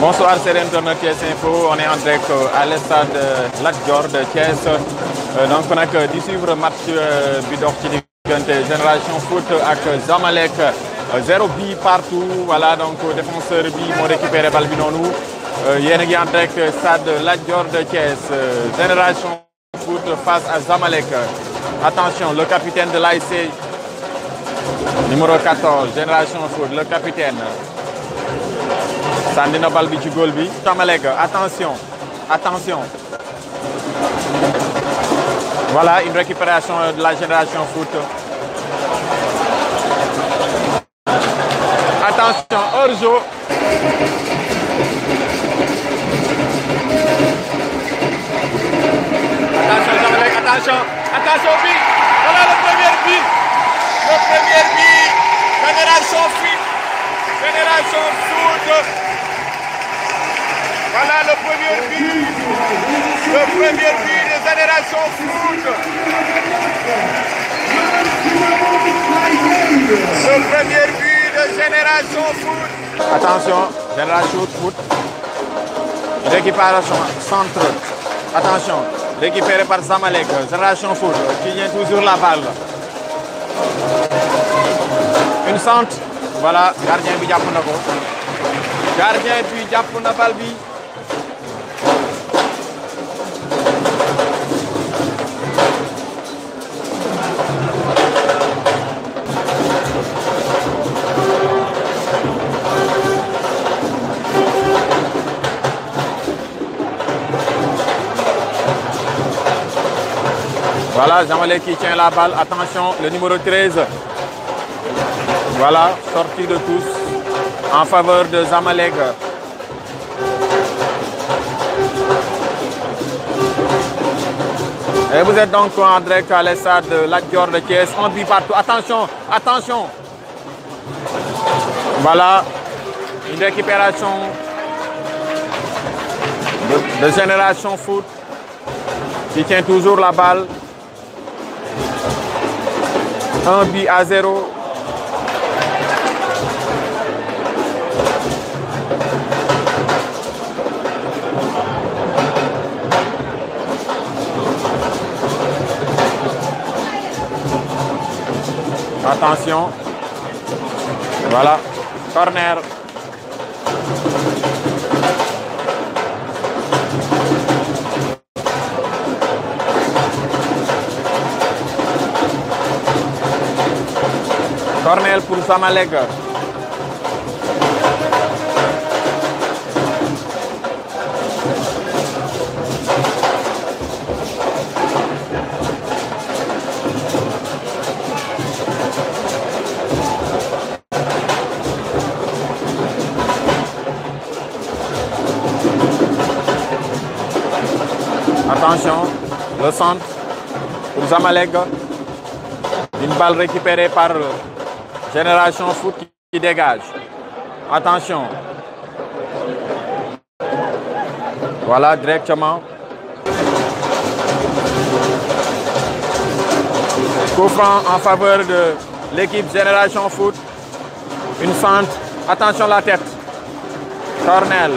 Bonsoir, c'est l'internet Thiès Info. On est en direct euh, à l'estade euh, Lac de Thiès. Euh, donc on a que di suivre match bi ci diggante Génération Foot ak Zamalek zéro bi partout voilà donc défenseur bi moo récupéré bal bi noonu yéen en direct stade Lac Dior de Thiès Génération Foot face à Zamalek attention le capitaine de l'ASC numéro 14 Génération Foot le capitaine sànni na bal bi ci góol bi Zamalek attention une récupération de la génération foot attention hors-jeu attention Zamalek attention attention but voilà le premier but le foot Voilà le premier but, le premier but Génération Foot. Le Génération Foot. Attention, Génération Foot. Récupération centre. Attention, récupéré par Génération Foot qui vient toujours la balle. Une centre. Voilà, gardien bi jàpp na ko. gardien Voilà, Jamalé qui tient la balle. Attention, le numéro 13. Voilà, sorti de tous en faveur de Zamalek. Et vous êtes donc en direct à l'estade de la Dior de Thiès. On vit partout. Attention, attention. Voilà, une récupération de génération foot qui tient toujours la balle. un but à zéro attention voilà Cornell pour Samalek. Attention, le centre pour Zamalek. Une balle récupérée par Génération foot qui dégage. Attention. Voilà, directement. Coffrant en faveur de l'équipe Génération Foot. Une fente. Attention la tête. Cornel.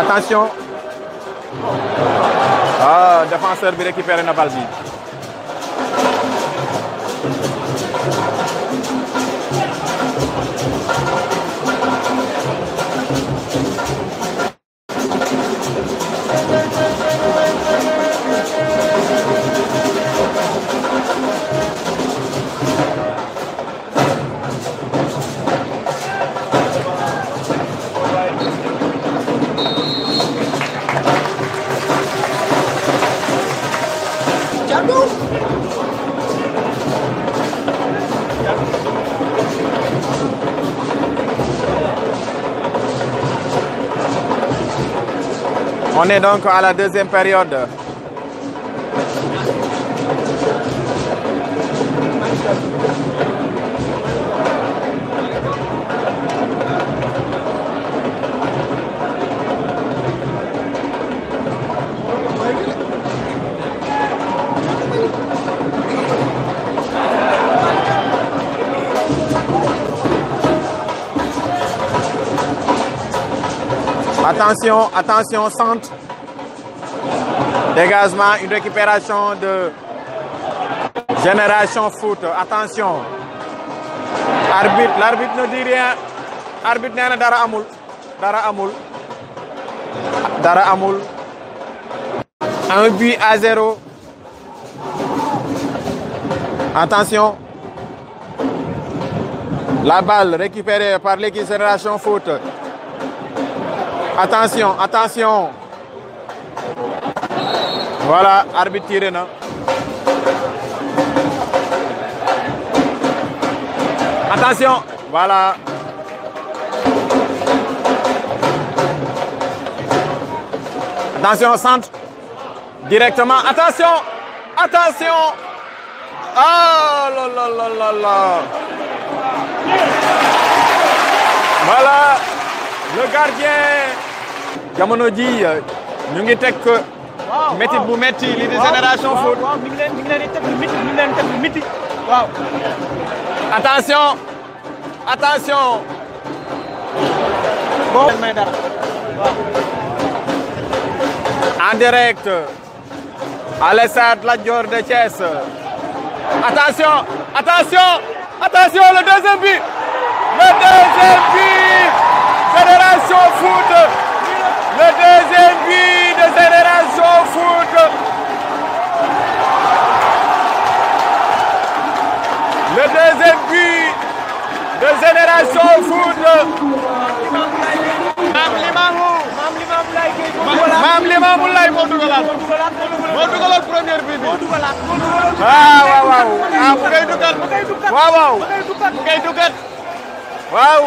attention ah défenseur bi récupéré na balle bi On est donc à la deuxième période. Attention, attention, centre. Dégagement, une récupération de Génération Foot. Attention. Arbitre, l'arbitre ne dit rien. Arbitre nee na dara amul. Dara amul. Dara amul. Un but à zéro. Attention. La balle récupérée par l'équipe Génération Foot. attention attention voilà arbitre tiré na attention voilà attention au centre directement attention attention ah là là là voilà le gardien jamono ji euh, ñu ngi teg métit bu métti lii di génération foot attention attention bon en direct à la stade Lat attention attention le deuxième le deuxième Génération Foot Le deuxième but de Génération Foot. Le deuxième but de Génération Foot. Mame Limamou. Mame Limamou Laye moo dugalaat. moo dugalaat première but bi. ah waaw waaw ah mu ngay dugal. waaw waaw mu ngay dugal. waaw.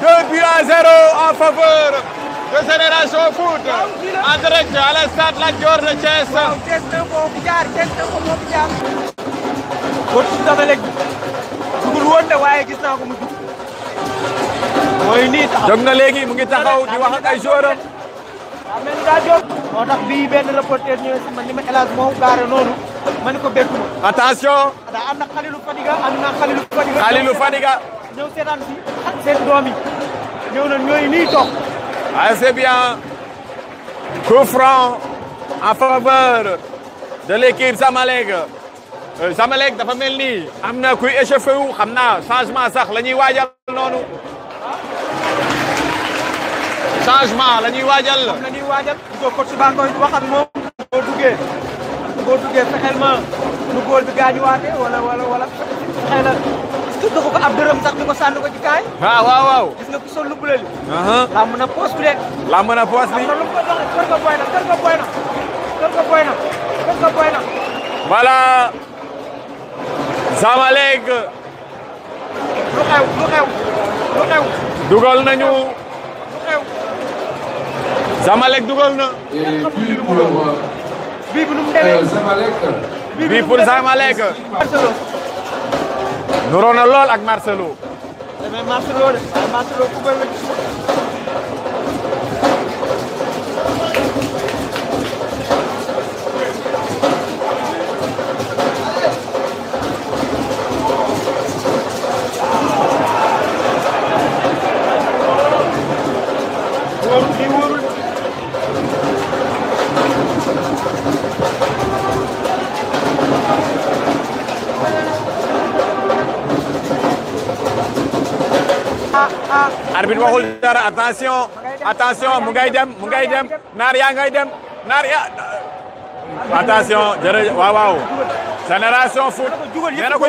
deux buts à zéro en faveur. de Génération Foot en direct à la stade Lat Dior de Thiès. moo fi jaar Thiès moo fi jaar. kon suñu dafa lekk gis ko mu dugg. mooy na léegi mu ngi taxaw di wax ak ay joueur am. waaw mel daa jóg. moo tax bii benn reporter ñëwee si man ni ma El moo gaare noonu ma ni ko bekkuma. attention. daa am na Khalilou Fadiga am na Khalilou Fadiga. seetaan si ak seen doom yi ñëw na ñooy nii toog. Ah, c'est bien. Coup franc en faveur de l'équipe Zamalek. Euh, Zamalek dafa mel ni am na kuy échauffé wu xam naa changement sax la ñuy waajal noonu. changement la ñuy waajal. moom la ñuy waajal. soo ko subaa koy wax ak moom. boo duggee boo duggee fexeel ma nu góor bi gaañuwaatee wala wala wala xëy na. tudd ko ab dërëm sax di ko sànni ko ci kaay. waaw ah, waaw waaw. gis nga ku bi de. làmb na poos bi. am na lu xew lu xew lu xew. lu xew. dugal na. bii bi nu mu demee. Euh, bii nuroo na lool ak Marcelo. damay Marcelo de Marcelo ku bëri la arbitre waxul dara attention attention mu ngay dem mu ngay dem naar yaa ngay dem naar yaa attention jërëjëf waaw waaw génération foot ko jógal nee na ko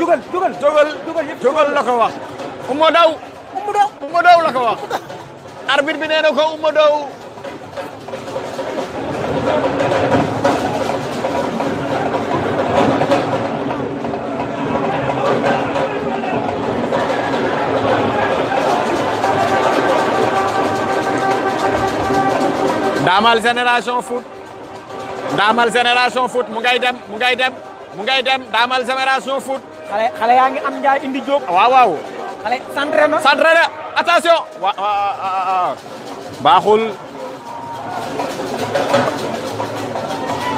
jógal jógal jógal la ko Daw Ouma Daw la ko wax arbitre bi nee ko Ouma Daw ndaamal génération foot ndaamal génération foot mu ngay dem mu ngay dem mu ngay dem ndaamal génération foot. xale xale yaa ngi am njaay indi jóg. waaw waaw. xale centré na centré na attention. waaw baaxul.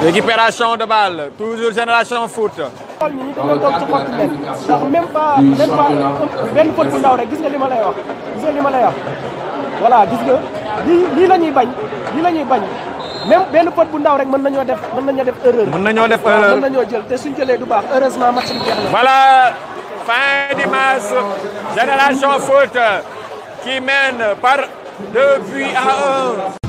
récupération de balle toujours génération foot. xool ñu dañoo toog ci xottu leen ndax même pas même pas benn faute bu ndaw rek gis nga li ma lay wax gis nga li ma lay wax voilà gis nga. lii lañuy bañ lii la ñuy bañ même benn pot bu ndaw rek mën nañoo def mën nañoo def erreur. mën nañoo def erreur mën jël te suñ jëlee du baax heureusement match bi jeex na. voilà fin du Génération Foot qui mène par deux à un.